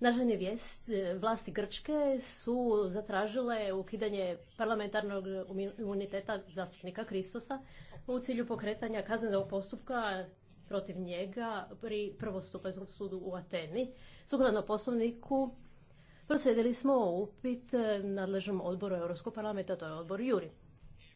Državne e, vlasti Grčke su zatražile ukidanje parlamentarnog imuniteta zastupnika Kristosa u cilju pokretanja kaznenog postupka protiv njega pri prvostupanjskom sudu u Ateni. Sukladno poslovniku proslijedili smo upit nadležnom odboru Europskog parlamenta, to je odbor Juri.